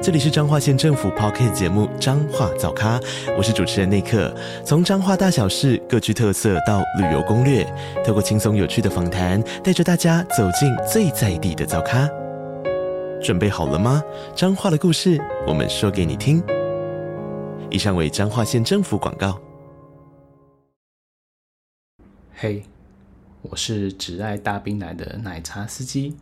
這裡是彰化縣政府 Podcast 節目《彰化早咖》，我是主持人內克。從彰化大小事各具特色到旅遊攻略，透過輕鬆有趣的訪談，帶着大家走進最在地的早咖。準備好了嗎？彰化的故事，我們說給你聽。以上為彰化縣政府廣告。嘿，hey, 我是只愛大冰奶的奶茶司機。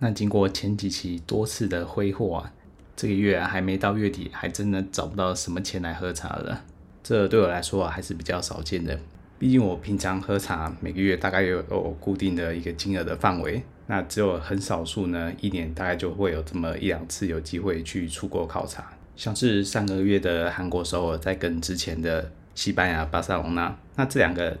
那經過前幾期多次的揮霍啊。這個月、啊、還沒到月底，還真的找不到什麼錢來喝茶了。這對我來說、啊、還是比較少見的。畢竟我平常喝茶每個月大概有我固定的一個金額的範圍，那只有很少數呢，一年大概就會有這麼一兩次有機會去出國考察，像是上個月的韓國首爾，再跟之前的西班牙巴塞隆納，那這兩個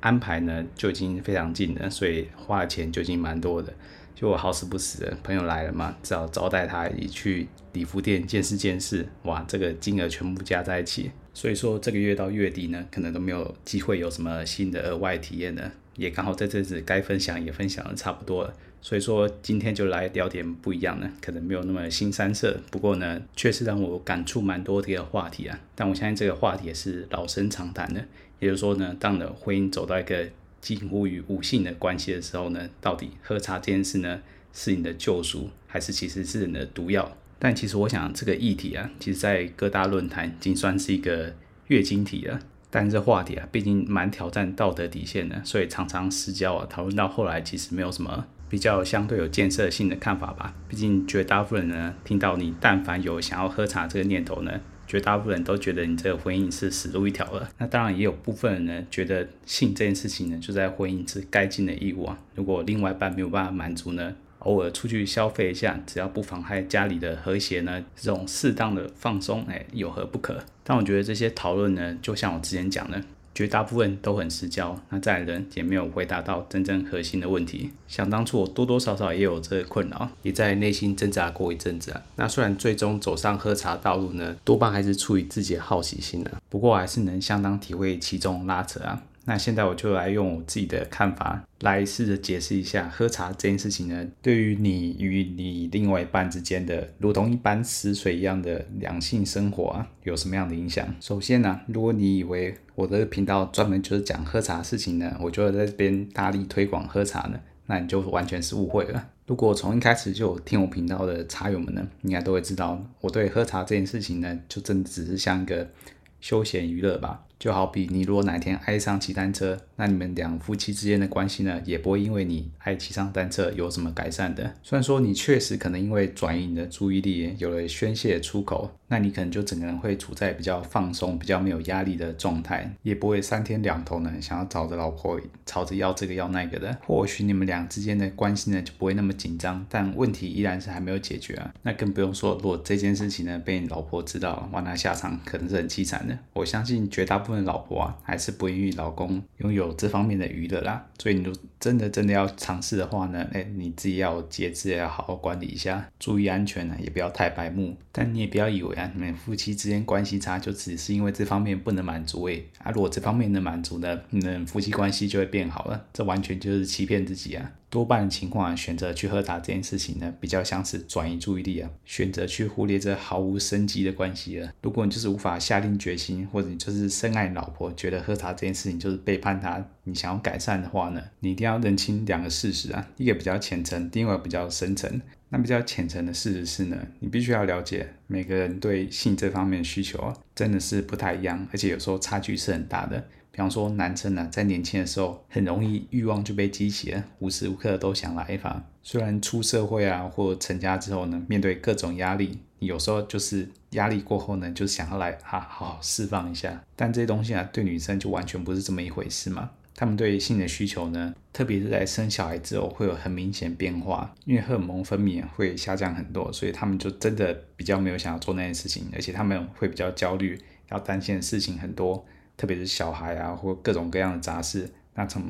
安排呢就已經非常近了，所以花的錢就已經蠻多的。就我好死不死的，朋友來了嘛，只好招待他，也去禮服店見識見識。哇，這個金額全部加在一起，所以說這個月到月底呢，可能都沒有機會有什麼新的額外體驗呢，也剛好在這陣子該分享也分享的差不多了，所以說今天就來聊點不一樣的，可能沒有那麼新三色，不過呢，確實讓我感觸蠻多的一個話題啊。但我相信這個話題也是老生常談的，也就是說呢，當你的婚姻走到一個近乎於無性的關係的時候呢，到底喝茶這件事呢，是你的救贖，還是其實是你的毒藥？但其實我想這個議題啊，其實在各大論壇已算是一個月經題了。但是這話題啊，畢竟蠻挑戰道德底線的，所以常常私交啊討論到後來，其實沒有什麼比較相對有建設性的看法吧。畢竟絕大部分人呢，聽到你但凡有想要喝茶這個念頭呢。絕大部分人都覺得你這個婚姻是死路一條了。那當然也有部分人呢，覺得性這件事情呢，就在婚姻是該盡的義務啊。如果另外一半沒有辦法滿足呢，偶爾出去消費一下，只要不妨害家裡的和諧呢，這種適當的放鬆，哎、欸，有何不可？但我覺得這些討論呢，就像我之前講的。絕大部分都很失焦，那自然人也沒有回答到真正核心的問題。想當初我多多少少也有這個困擾，也在內心掙扎過一陣子啊。那雖然最終走上喝茶的道路呢，多半還是出於自己的好奇心了、啊、不過還是能相當體會其中拉扯啊。那現在我就來用我自己的看法來試着解釋一下喝茶這件事情呢，對於你與你另外一半之間的如同一般死水一樣的兩性生活啊，有什麼樣的影響？首先呢、啊，如果你以為我的頻道專門就是講喝茶事情呢，我就在這邊大力推廣喝茶呢，那你就完全是誤會了。如果從一開始就有聽我頻道的茶友們呢，應該都會知道我對喝茶這件事情呢，就真的只是像一個休閒娛樂吧。就好比你如果哪天愛上騎單車，那你們兩夫妻之間的關係呢，也不會因為你愛騎上單車有什麼改善的。雖然說你確實可能因為轉移你的注意力有了宣洩出口，那你可能就整個人會處在比較放鬆、比較沒有壓力的狀態，也不會三天兩頭呢想要找着老婆吵着要這個要那個的。或許你們倆之間的關係呢就不會那麼緊張，但問題依然是還沒有解決啊。那更不用說如果這件事情呢被你老婆知道了，哇，那下場可能是很淒慘的。我相信絕大部分。無論老婆啊，還是不願意老公擁有這方面的娛樂啦。所以你如果真的真的要嘗試的話呢，哎，你自己要節制，也要好好管理一下，注意安全呢，也不要太白目。但你也不要以為啊，你們夫妻之間關係差，就只是因為這方面不能滿足哎、欸、啊，如果這方面能滿足呢，你們夫妻關係就會變好了。這完全就是欺騙自己啊。多半的情況啊，選擇去喝茶這件事情呢，比較像是轉移注意力啊，選擇去忽略這毫無生機的關係了啊。如果你就是無法下定決心，或者你就是深愛老婆，覺得喝茶這件事情就是背叛她，你想要改善的話呢，你一定要認清兩個事實啊，一個比較淺層，另外一個比較深層。那比較淺層的事實是呢，你必須要了解每個人對性這方面的需求啊，真的是不太一樣，而且有時候差距是很大的。比方說，男生呢、啊，在年輕的時候很容易欲望就被激起了，無時無刻的都想來一發。雖然出社會啊，或成家之後呢，面對各種壓力，有時候就是壓力過後呢，就是、想要來啊，好好釋放一下。但這些東西啊，對女生就完全不是這麼一回事嘛。她們對性的需求呢，特別是在生小孩之後，會有很明顯變化，因為荷爾蒙分泌會下降很多，所以她們就真的比較沒有想要做那件事情，而且他們會比較焦慮，要擔心的事情很多。特別是小孩啊，或各種各樣的雜事，那從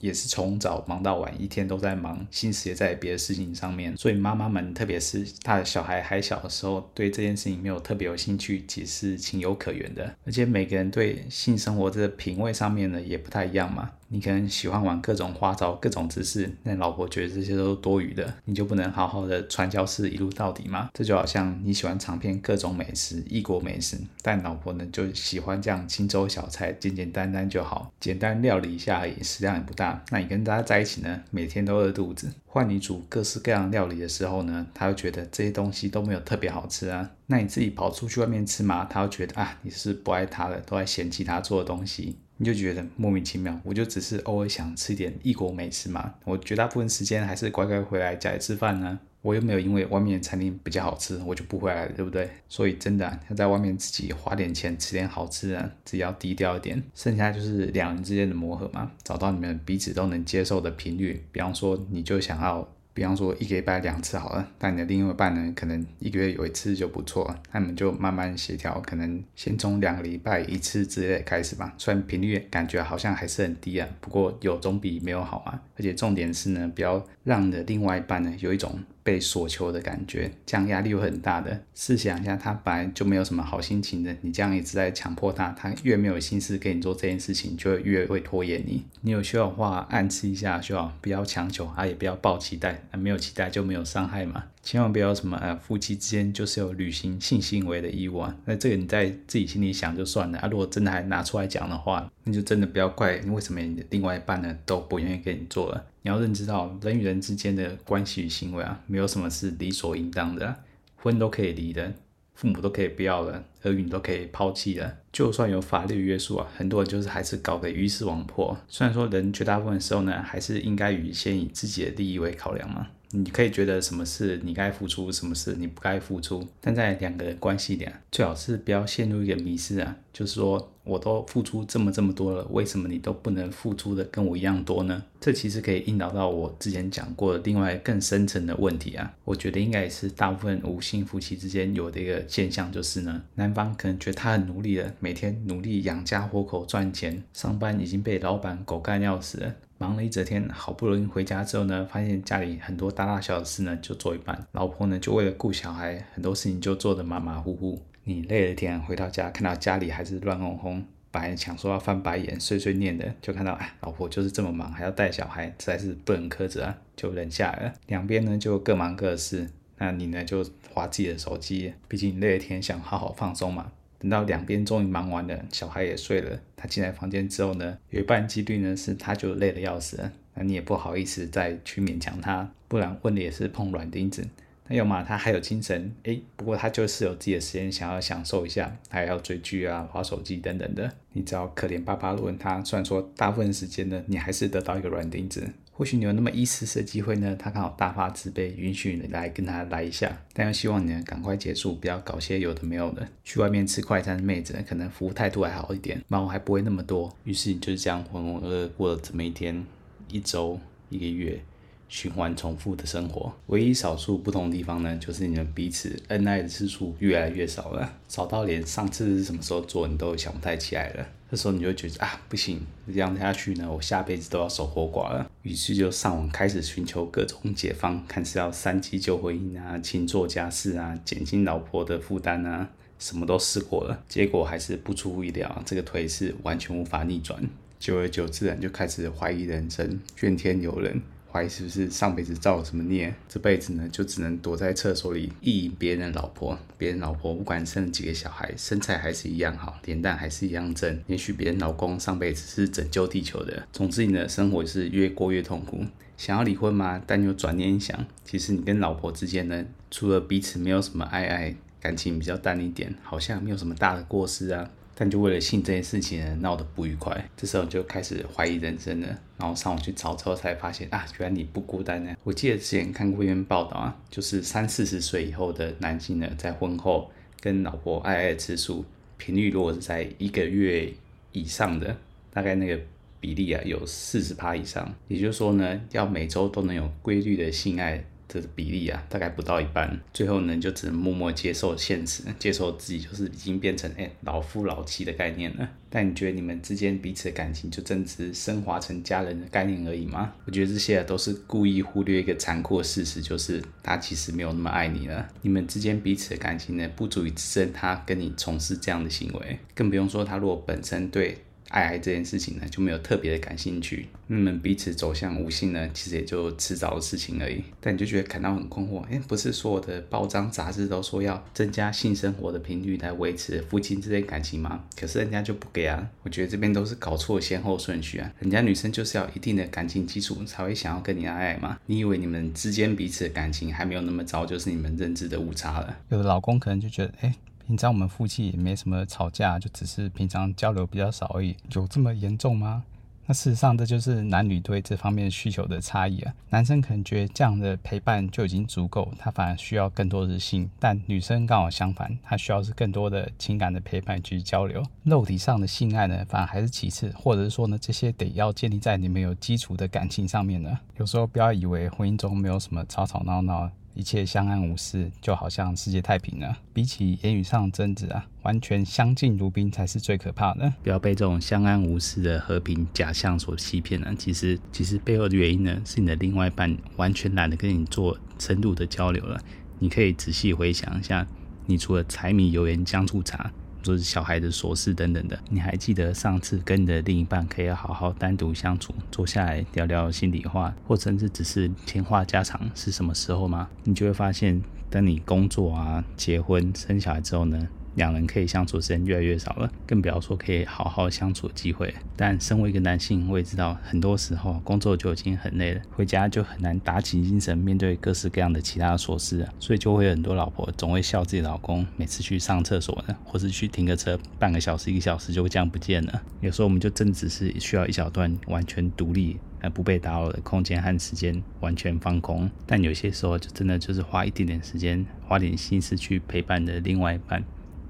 也是從早忙到晚，一天都在忙，心思也在別的事情上面，所以媽媽們特別、特別是她的小孩還小的時候，對這件事情沒有特別有興趣，其實是情有可原的。而且每個人對性生活的品味上面呢，也不太一樣嘛。你可能喜歡玩各種花招、各種姿勢，但老婆覺得這些都多餘的，你就不能好好的傳教士一路到底嗎？這就好像你喜歡嘗遍各種美食、異國美食，但老婆呢就喜歡這樣清粥小菜，簡簡單單就好，簡單料理一下而已，食量也不大。那你跟大家在一起呢，每天都餓肚子，換你煮各式各樣料理的時候呢，她會覺得這些東西都沒有特別好吃啊。那你自己跑出去外面吃嘛，她會覺得啊你是不，是不愛她了，都在嫌棄她做的東西。你就覺得莫名其妙，我就只是偶爾想吃點異國美食嘛，我絕大部分時間還是乖乖回來家裡吃飯呢、啊。我又沒有因為外面的餐廳比較好吃，我就不回來了，對不對？所以真的、啊，要在外面自己花點錢吃點好吃的、啊，自己要低調一點，剩下就是兩人之間的磨合嘛，找到你們彼此都能接受的頻率。比方說，你就想要。比方說，一個禮拜兩次好了，但你的另外一半呢，可能一個月有一次就不錯了。那你們就慢慢協調，可能先從兩個禮拜一次之類開始吧。雖然頻率感覺好像還是很低啊，不過有總比沒有好嘛。而且重點是呢，不要讓你的另外一半呢有一種。被索求的感覺，這樣壓力會很大的。試想一下，他本來就沒有什麼好心情的，你這樣一直在強迫他，他越沒有心思給你做這件事情，就越會拖延你。你有需要的話暗示一下就好，不要強求，啊也不要抱期待，啊沒有期待就沒有傷害嘛。千萬不要什麼啊，夫妻之間就是有履行性行為的義務啊。那這個你在自己心裡想就算了啊。如果真的還拿出來講的話，那就真的不要怪為什麼你的另外一半呢都不願意跟你做了。你要認知到人與人之間的關係與行為啊，沒有什麼是理所應當的啊。婚都可以離的，父母都可以不要了，兒女都可以拋棄了。就算有法律約束啊，很多人就是還是搞得魚死網破。雖然說人絕大部分的時候呢，還是應該以先以自己的利益為考量嘛。你可以覺得什麼是你該付出，什麼是你不該付出，但在兩個人關係裡啊，最好是不要陷入一個迷思啊，就是說。我都付出這麼這麼多了，為什麼你都不能付出的跟我一樣多呢？這其實可以引導到我之前講過的另外更深層的問題啊。我覺得應該也是大部分無性夫妻之間有的一個現象，就是呢，男方可能覺得他很努力了，每天努力養家糊口賺錢，上班已經被老闆狗幹要死了，忙了一整天，好不容易回家之後呢，發現家裡很多大大小小的事呢就做一半，老婆呢就為了顧小孩，很多事情就做得馬馬虎虎。你累了一天回到家，看到家裡還是亂哄哄，本來想說要翻白眼碎碎念的，就看到哎，老婆就是這麼忙，還要帶小孩，實在是不能苛責啊，就忍下來了。兩邊呢就各忙各的事，那你呢就滑自己的手機，畢竟累了一天想好好放鬆嘛。等到兩邊終於忙完了，小孩也睡了，他進來房間之後呢，有一半幾率呢是他就累了要死了，那你也不好意思再去勉強他，不然問的也是碰軟釘子。那有嘛？他還有精神，哎、欸，不過他就是有自己的時間，想要享受一下，還有要追劇啊、玩手機等等的。你只要可憐巴巴的問他，雖然說大部分時間呢，你還是得到一個軟釘子。或許你有那麼一絲絲的機會呢，他剛好大發慈悲，允許你來跟他來一下。但又希望你呢趕快結束，不要搞些有的沒有的。去外面吃快餐，妹子呢可能服務態度還好一點，忙活還不會那麼多。於是你就是這樣渾渾噩噩過了這麼一天、一周、一個月。循環重複的生活，唯一少數不同的地方呢，就是你們彼此恩愛的次數越來越少了，少到連上次是什麼時候做你都想不太起來了。這時候你就覺得啊，不行，這樣下去呢，我下輩子都要守活寡了。於是就上網開始尋求各種解方，看是要三級救婚姻啊，勤做家事啊，減輕老婆的負擔啊，什麼都試過了，結果還是不出意料，這個頹勢完全無法逆轉。久而久之，自然就開始懷疑人生，怨天尤人。懷疑是不是上輩子，造了什麼孽，這輩子呢，就只能躲在廁所裡意淫別人的老婆。別人老婆不管生幾個小孩，身材還是一樣好，臉蛋還是一樣正，也許別人老公上輩子是拯救地球的。總之你的生活是越過越痛苦。想要離婚嗎？但又轉念一想，其實你跟老婆之間呢，除了彼此沒有什麼愛愛，感情比較淡一點，好像沒有什麼大的過失啊。但就為了性這件事情呢，鬧得不愉快，這時候就開始懷疑人生了。然後上網去找之後，才發現啊，原來你不孤單呢，啊。我記得之前看過一篇報道啊，就是三四十歲以後的男性呢，在婚後跟老婆愛愛的次數頻率，如果是在一個月以上的，大概那個比例啊，有四十趴以上。也就是說呢，要每週都能有規律的性愛。的比例啊，大概不到一半。最後呢，就只能默默接受現實，接受自己就是已經變成誒、欸、老夫老妻的概念了。但你覺得你們之間彼此的感情就真是升華成家人的概念而已嗎？我覺得這些、啊、都是故意忽略一個殘酷的事實，就是他其實沒有那麼愛你了。你們之間彼此的感情呢，不足以支撐他跟你從事這樣的行為，更不用說他如果本身對。愛愛這件事情呢，就沒有特別的感興趣。你們彼此走向無性呢，其實也就遲早的事情而已。但你就覺得感到很困惑，哎、欸，不是所有的報章雜誌都說要增加性生活的頻率來維持夫妻之間感情嗎？可是人家就不給啊。我覺得這邊都是搞錯先後順序啊。人家女生就是要一定的感情基礎才會想要跟你愛愛嘛。你以為你們之間彼此的感情還沒有那麼糟，就是你們認知的誤差了。有的老公可能就覺得，誒、欸。平常我們夫妻也沒什麼吵架，就只是平常交流比較少而已。有這麼嚴重嗎？那事實上，這就是男女對這方面需求的差異啊。男生可能覺得這樣的陪伴就已經足夠，他反而需要更多的性；但女生剛好相反，她需要是更多的情感的陪伴去交流。肉體上的性愛呢，反而還是其次，或者是說呢，這些得要建立在你們有基礎的感情上面呢。有時候不要以為婚姻中沒有什麼吵吵鬧鬧。一切相安無事，就好像世界太平了。比起言語上的爭執啊，完全相敬如賓才是最可怕的。不要被這種相安無事的和平假象所欺騙了。其實，其實背後的原因呢，是你的另外一半完全懶得跟你做深度的交流了。你可以仔細回想一下，你除了柴米油鹽醬醋茶，就是小孩的瑣事等等的，你還記得上次跟你的另一半可以好好單獨相處，坐下來聊聊心裡話，或甚至只是閒話家常是什麼時候嗎？你就會發現，當你工作啊、結婚、生小孩之後呢，兩人可以相處的時間越來越少了，更不要說可以好好相處的機會。但身為一個男性，我也知道，很多時候工作就已經很累了，回家就很難打起精神面對各式各樣的其他的瑣事，所以就會有很多老婆總會笑自己老公，每次去上廁所呢，或是去停個車，半個小時、一個小時就會這樣不見了。有時候我們就真的只是需要一小段完全獨立而不被打擾的空間和時間，完全放空。但有些時候就真的就是花一點點時間，花點心思去陪伴著另外一半。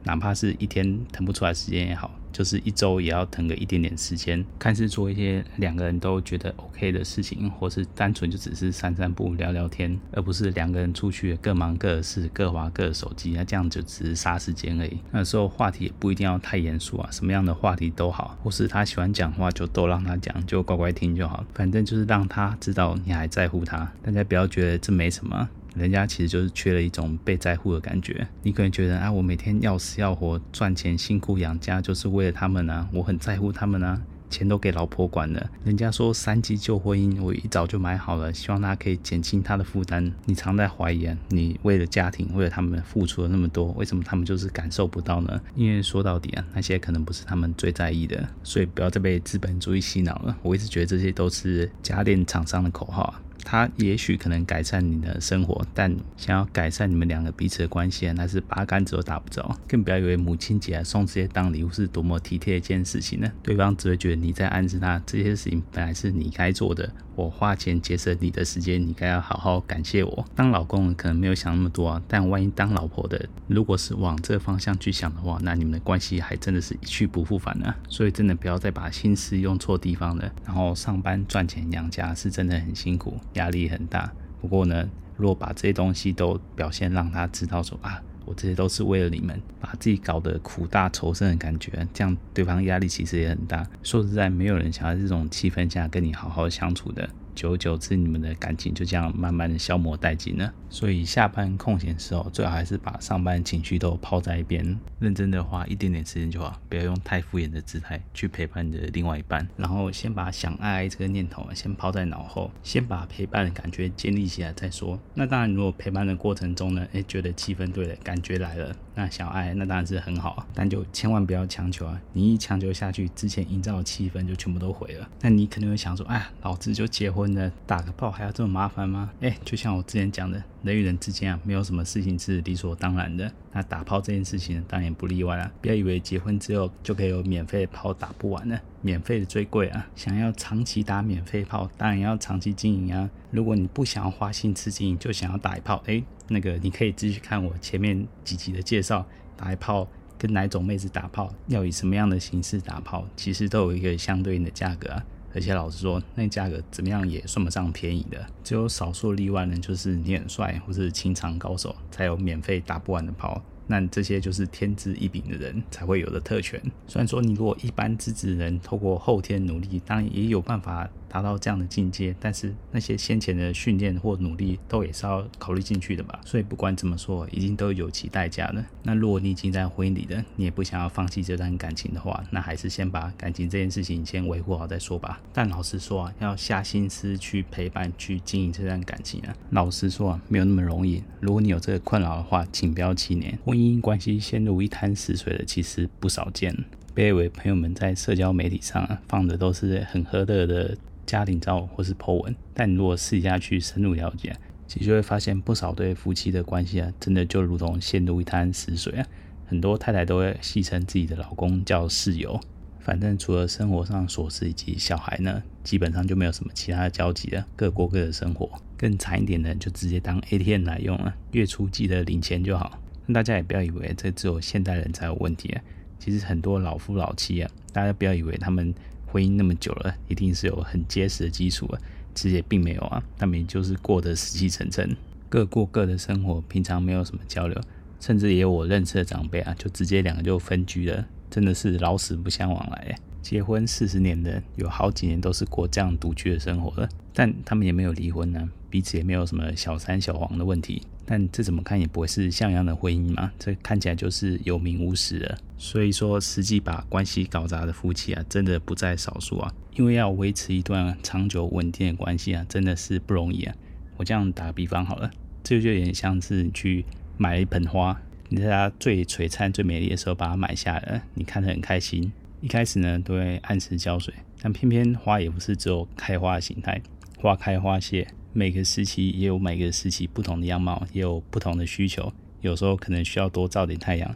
哪怕是一天騰不出來時間也好，就是一周也要騰個一點點時間，開始做一些兩個人都覺得 OK 的事情，或是單純就只是散散步、聊聊天，而不是兩個人出去各忙各的事、各滑各的手機，那這樣就只是殺時間而已。那時候話題也不一定要太嚴肅啊，什麼樣的話題都好，或是他喜歡講話就都讓他講，就乖乖聽就好，反正就是讓他知道你還在乎他。大家不要覺得這沒什麼啊。人家其實就是缺了一種被在乎的感覺。你可能覺得啊，我每天要死要活賺錢辛苦養家，就是為了他們啊，我很在乎他們啊，錢都給老婆管了。人家說三機救婚姻，我一早就買好了，希望大家可以減輕他的負擔。你常在懷疑啊，你為了家庭為了他們付出了那麼多，為什麼他們就是感受不到呢？因為說到底啊，那些可能不是他們最在意的，所以不要再被資本主義洗腦了。我一直覺得這些都是家電廠商的口號啊。他也許可能改善你的生活，但想要改善你們兩個彼此的關係，那是八竿子都打不着。更不要以為母親節、啊、送這些當禮物是多麼體貼的一件事情呢，對方只會覺得你在暗示他這些事情本來是你該做的，我花錢節省你的時間，你該要好好感謝我。當老公可能沒有想那麼多啊，但萬一當老婆的如果是往這個方向去想的話，那你們的關係還真的是一去不復返呢、啊。所以真的不要再把心思用錯地方了。然後上班賺錢養家是真的很辛苦。壓力很大，不過呢，如果把這些東西都表現讓他知道說啊，我這些都是為了你們，把自己搞得苦大仇深的感覺，這樣對方壓力其實也很大。說實在，沒有人想要這種氣氛下跟你好好相處的。久久而久之，你們的感情就這樣慢慢的消磨殆盡了。所以下班空閒時候，最好還是把上班情緒都拋在一邊，認真的花一點點時間就好，不要用太敷衍的姿態去陪伴你的另外一半。然後先把想愛這個念頭先拋在腦後，先把陪伴的感覺建立起來再說。那當然，如果陪伴的過程中呢，哎，覺得氣氛對了，感覺來了。那小愛那當然是很好，但就千萬不要強求啊！你一強求下去，之前營造的氣氛就全部都毀了。那你可能會想說，哎，老子就結婚了，打個炮還要這麼麻煩嗎？誒、欸、就像我之前講的，人與人之間啊，沒有什麼事情是理所當然的。那打炮這件事情當然也不例外啊。不要以為結婚之後就可以有免費炮打不完了，免費的最貴啊！想要長期打免費炮，當然要長期經營啊。如果你不想要花心吃雞，你就想要打一炮，誒，那個你可以繼續看我前面幾集的介紹，打一炮跟哪種妹子打炮，要以什麼樣的形式打炮，其實都有一個相對應的價格啊。而且老實說，那個價格怎麼樣也算不上便宜的，只有少數例外呢，就是你很帥或是情場高手，才有免費打不完的炮。那這些就是天賦異稟的人才會有的特權。雖然說你如果一般資質的人透過後天努力，當然也有辦法達到這樣的境界，但是那些先前的訓練或努力都也是要考慮進去的吧。所以不管怎麼說，已經都有其代價了。那如果你已經在婚姻裡了，你也不想要放棄這段感情的話，那還是先把感情這件事情先維護好再說吧。但老實說啊，要下心思去陪伴、去經營這段感情啊，老實說啊，沒有那麼容易。如果你有這個困擾的話，請不要氣餒。婚姻關係陷入一灘死水的其實不少見。別以為朋友們在社交媒體上、啊、放的都是很和樂的家庭照或是 po 文，但你如果試一下去深入了解，其實就會發現不少對夫妻的關係啊，真的就如同陷入一灘死水啊。很多太太都會戲稱自己的老公叫室友，反正除了生活上瑣事以及小孩呢，基本上就沒有什麼其他的交集了，各過各的生活。更慘一點的，就直接當 ATM 來用了、啊，月初記得領錢就好。大家也不要以為這只有現代人才有問題啊！其實很多老夫老妻啊，大家不要以為他們婚姻那麼久了，一定是有很結實的基礎啊。其實也並沒有啊，他們也就是過得死氣沉沉，各過各的生活，平常沒有什麼交流，甚至也有我認識的長輩啊，就直接兩個就分居了，真的是老死不相往來、欸。結婚四十年的，有好幾年都是過這樣獨居的生活了，但他們也沒有離婚呢、啊，彼此也沒有什麼小三小黃的問題。但這怎麼看也不會是像樣的婚姻嘛？這看起來就是有名無實的。所以說，實際把關係搞砸的夫妻啊，真的不在少數啊。因為要維持一段長久穩定的關係啊，真的是不容易啊。我這樣打個比方好了，這就有點像是你去買了一盆花，你在它最璀璨、最美麗的時候把它買下了，你看得很開心。一開始呢，都會按時澆水，但偏偏花也不是只有開花的形態，花開花謝。每個時期也有每個時期不同的樣貌，也有不同的需求。有時候可能需要多照點太陽，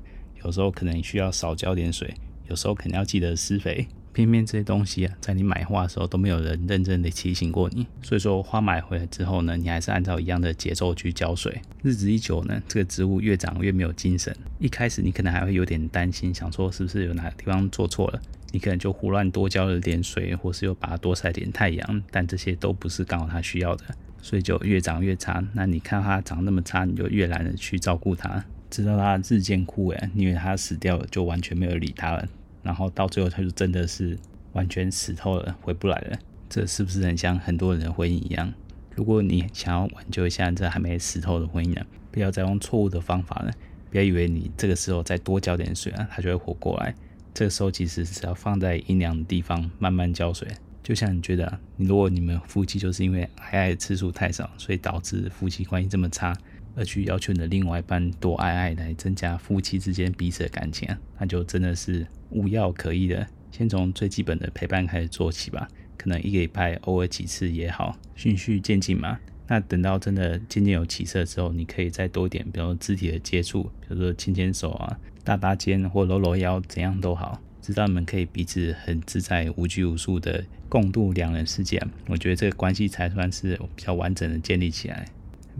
有時候可能需要少澆點水，有時候可能要記得施肥。偏偏這些東西啊，在你買花的時候都沒有人認真的提醒過你，所以說花買回來之後呢，你還是按照一樣的節奏去澆水。日子一久呢，這個植物越長越沒有精神。一開始你可能還會有點擔心，想說是不是有哪個地方做錯了。你可能就胡亂多澆了點水，或是又把它多曬點太陽，但這些都不是剛好它需要的，所以就越長越差。那你看它長那麼差，你就越懶得去照顧它，直到它日漸枯萎，你以為它死掉了，就完全沒有理它了。然後到最後，它就真的是完全死透了，回不來了。這是不是很像很多人的婚姻一樣？如果你想要挽救一下這還沒死透的婚姻啊，不要再用錯誤的方法了。不要以為你這個時候再多澆點水啊，它就會活過來。這時候其實是只要放在陰涼的地方慢慢澆水。就像你覺得啊，你如果你們夫妻就是因為愛愛次數太少，所以導致夫妻關係這麼差，而去要求你的另外一半多愛愛來增加夫妻之間彼此的感情啊，那就真的是無藥可醫的。先從最基本的陪伴開始做起吧，可能一個禮拜偶爾幾次也好，循序漸進嘛。那等到真的漸漸有起色之後，你可以再多一點，比如說肢體的接觸，比如說牽牽手啊。搭搭肩或摟摟腰，怎樣都好，知道你們可以彼此很自在、無拘無束的共度兩人世界，我覺得這個關係才算是比較完整的建立起來。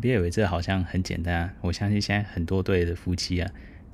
別以為這好像很簡單啊，我相信現在很多對的夫妻啊，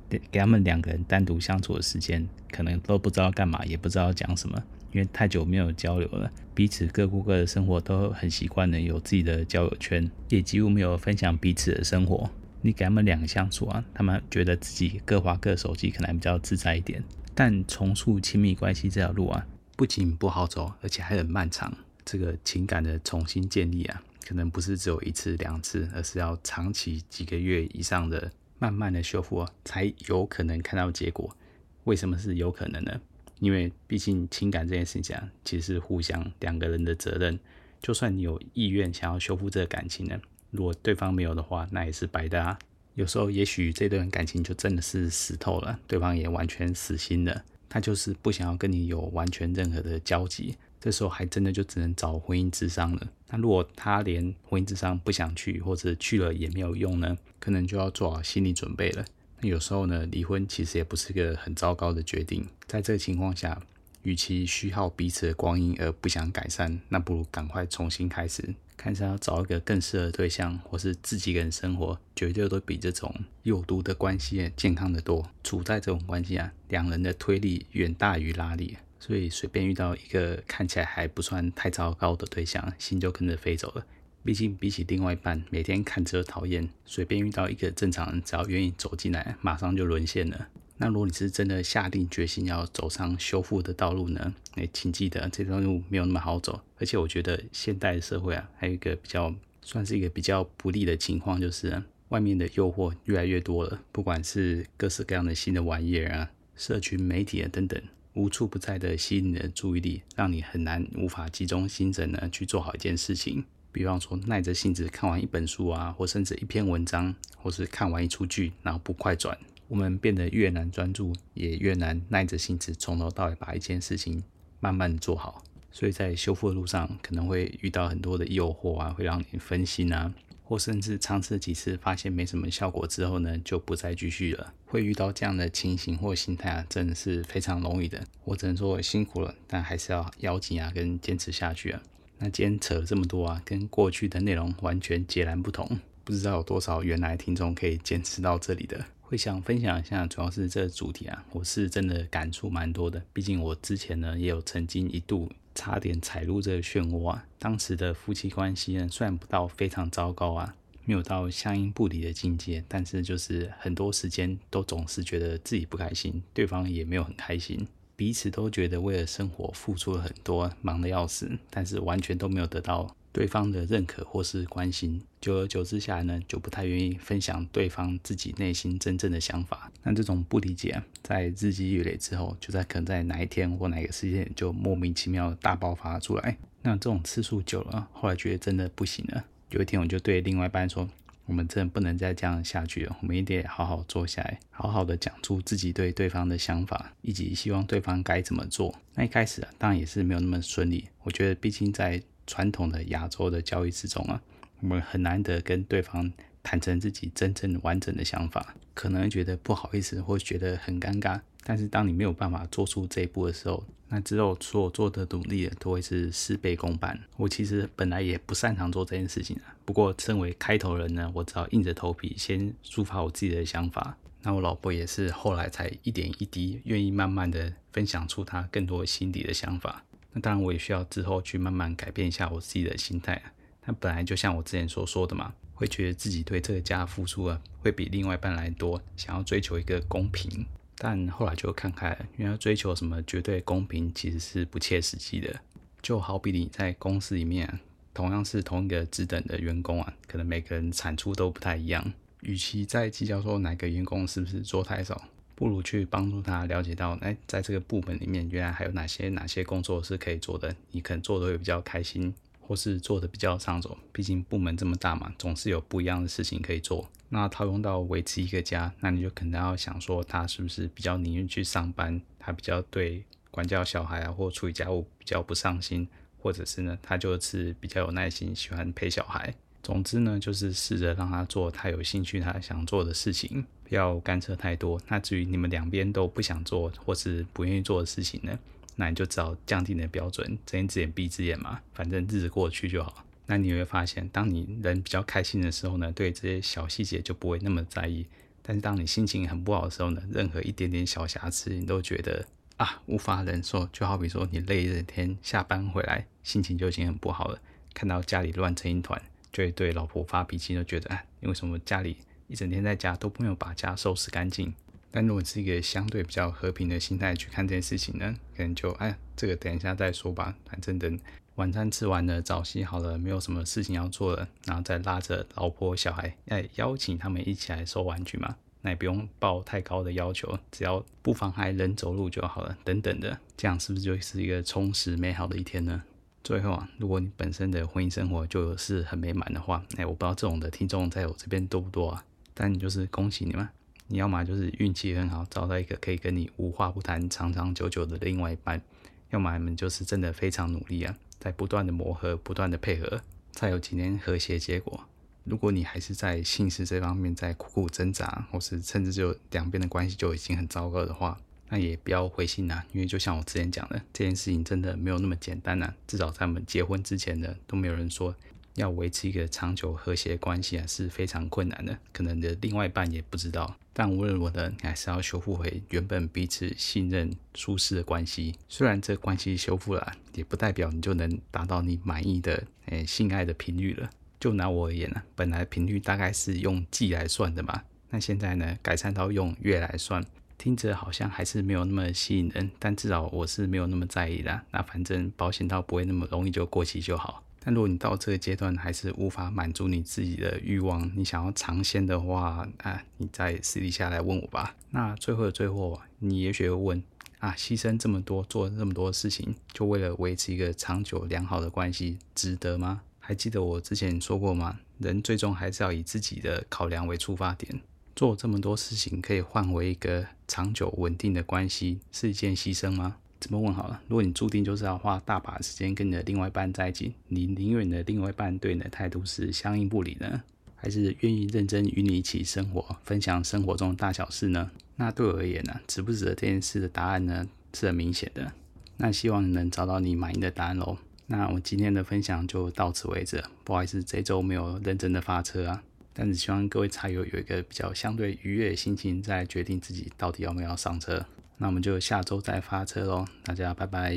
給給他們兩個人單獨相處的時間，可能都不知道幹嘛，也不知道講什麼，因為太久沒有交流了，彼此各過各的生活都很習慣的，有自己的交友圈，也幾乎沒有分享彼此的生活。你給他們兩個相處啊，他們覺得自己各花各手機，可能還比較自在一點。但重塑親密關係這條路啊，不僅不好走，而且還很漫長。這個情感的重新建立啊，可能不是只有一次兩次，而是要長期幾個月以上的慢慢的修復，啊，才有可能看到結果。為什麼是有可能呢？因為畢竟情感這件事情、啊，其實是互相兩個人的責任。就算你有意願想要修復這個感情呢、啊？如果對方沒有的話，那也是白搭啊。有時候，也許這段感情就真的是死透了，對方也完全死心了，他就是不想要跟你有完全任何的交集。這時候，還真的就只能找婚姻諮商了。那如果他連婚姻諮商不想去，或者去了也沒有用呢？可能就要做好心理準備了。那有時候呢，離婚其實也不是一個很糟糕的決定。在這個情況下。與其虛耗彼此的光陰而不想改善，那不如趕快重新開始，看是要找一個更適合的對象，或是自己一個人生活，絕對都比這種有毒的關係健康的多。處在這種關係啊，兩人的推力遠大於拉力，所以隨便遇到一個看起來還不算太糟糕的對象，心就跟着飛走了。畢竟比起另外一半，每天看着討厭，隨便遇到一個正常人，只要願意走進來，馬上就淪陷了。那如果你是真的下定決心要走上修復的道路呢？哎，請記得這條路沒有那麼好走。而且我覺得現代的社會啊，還有一個比較算是一個比較不利的情況，就是、啊、外面的誘惑越來越多了。不管是各式各樣的新的玩意兒啊、社群媒體啊等等，無處不在的吸引你的注意力，讓你很難無法集中心神的去做好一件事情。比方說，耐着性子看完一本書啊，或甚至一篇文章，或是看完一出劇，然後不快轉。我們變得越難專注，也越難耐着性子從頭到尾把一件事情慢慢做好。所以在修復的路上，可能會遇到很多的誘惑啊，會讓你分心啊，或甚至嘗試幾次發現沒什麼效果之後呢，就不再繼續了。會遇到這樣的情形或心態啊，真的是非常容易的。我只能說，我辛苦了，但還是要咬緊牙根堅持下去啊。那今天扯了這麼多啊，跟過去的內容完全截然不同，不知道有多少原來聽眾可以堅持到這裡的。會想分享一下，主要是這個主題啊，我是真的感觸蠻多的。畢竟我之前呢，也有曾經一度差點踩入這個漩渦啊。當時的夫妻關係呢，算不到非常糟糕啊，沒有到相應不理的境界，但是就是很多時間都總是覺得自己不開心，對方也沒有很開心，彼此都覺得為了生活付出了很多，忙得要死，但是完全都沒有得到。對方的認可或是關心，久而久之下來呢，就不太願意分享對方自己內心真正的想法。那這種不理解啊，在日積月累之後，就在可能在哪一天或哪個事件，就莫名其妙的大爆發出來。那這種次數久了，後來覺得真的不行了。有一天我就對另外一半說：“我們真的不能再這樣下去了，我們一定好好坐下來，好好的講出自己對對方的想法，以及希望對方該怎麼做。”那一開始啊，當然也是沒有那麼順利。我覺得畢竟在。傳統的亞洲的交易之中啊，我們很難得跟對方坦誠自己真正完整的想法，可能覺得不好意思，或覺得很尷尬。但是當你沒有辦法做出這一步的時候，那之後所做的努力的都會是事倍功半。我其實本來也不擅長做這件事情啊，不過身為開頭人呢，我只好硬着頭皮先抒發我自己的想法。那我老婆也是後來才一點一滴願意慢慢的分享出她更多心底的想法。那當然，我也需要之後去慢慢改變一下我自己的心態啊。那本來就像我之前所說的嘛，會覺得自己對這個家的付出啊，會比另外一半來多，想要追求一個公平。但後來就看開了，因為要追求什麼絕對公平其實是不切實際的。就好比你在公司裡面啊，同樣是同一個職等的員工啊，可能每個人產出都不太一樣。與其在計較說哪個員工是不是做太少，不如去幫助他了解到，哎、欸，在這個部門裡面，原來還有哪些哪些工作是可以做的，你可能做的會比較開心，或是做的比較上手。畢竟部門這麼大嘛，總是有不一樣的事情可以做。那套用到維持一個家，那你就可能要想說，他是不是比較寧願去上班，他比較對管教小孩啊，或處理家務比較不上心，或者是呢，他就是比較有耐心，喜歡陪小孩。總之呢，就是試着讓他做他有興趣、他想做的事情，不要干涉太多。那至於你們兩邊都不想做或是不願意做的事情呢，那你就只好降低你的標準，睜一隻眼閉一隻眼嘛，反正日子過去就好。那你會發現，當你人比較開心的時候呢，對這些小細節就不會那麼在意；但是當你心情很不好的時候呢，任何一點點小瑕疵你都覺得啊無法忍受。就好比說，你累了一天下班回來，心情就已經很不好了，看到家裡亂成一團。就會對老婆發脾氣，就覺得哎，你為什麼家裡一整天在家都沒有把家收拾乾淨？但如果是一個相對比較和平的心態去看這件事情呢，可能就哎，這個等一下再說吧，反正等晚餐吃完了，澡洗好了，沒有什麼事情要做了，然後再拉着老婆、小孩，哎，邀請他們一起來收玩具嘛，那也不用抱太高的要求，只要不妨礙人走路就好了，等等的，這樣是不是就是一個充實美好的一天呢？最後啊，如果你本身的婚姻生活就是很美滿的話，哎、欸，我不知道這種的聽眾在我這邊多不多啊？但你就是恭喜你們，你要嘛就是運氣很好，找到一個可以跟你無話不談、長長久久的另外一半；要麼你們就是真的非常努力啊，在不斷的磨合、不斷的配合，才有今天和諧結果。如果你還是在性事這方面在苦苦掙扎，或是甚至就兩邊的關係就已經很糟糕的話，那也不要灰心吶、啊，因為就像我之前講的，這件事情真的沒有那麼簡單吶、啊。至少在我們結婚之前呢，都沒有人說要維持一個長久和諧關係啊，是非常困難的。可能你的另外一半也不知道。但無論如何呢，你還是要修復回原本彼此信任、舒適的關係。雖然這關係修復了、啊，也不代表你就能達到你滿意的誒、欸、性愛的頻率了。就拿我而言呢、啊，本來頻率大概是用季來算的嘛，那現在呢，改善到用月來算。聽着好像還是沒有那麼吸引人，但至少我是沒有那麼在意啦。那反正保險套不會那麼容易就過期就好。但如果你到這個階段還是無法滿足你自己的慾望，你想要嘗鮮的話，啊，你再私底下來問我吧。那最後的最後，你也許會問：啊，犧牲這麼多，做了這麼多事情，就為了維持一個長久良好的關係，值得嗎？還記得我之前說過嗎？人最終還是要以自己的考量為出發點。做這麼多事情，可以換回一個長久穩定的關係，是一件犧牲嗎？怎麼問好了？如果你注定就是要花大把時間跟你的另外一半在一起，你寧願你的另外一半對你的態度是相應不理呢，還是願意認真與你一起生活，分享生活中的大小事呢？那對我而言呢，啊，值不值得這件事的答案呢，是很明顯的。那希望你能找到你滿意的答案咯。那我今天的分享就到此為止，不好意思，這周沒有認真的發車啊。但是希望各位茶友有一個比較相對愉悅的心情，在決定自己到底要不要上車。那我們就下周再發車嘍，大家拜拜。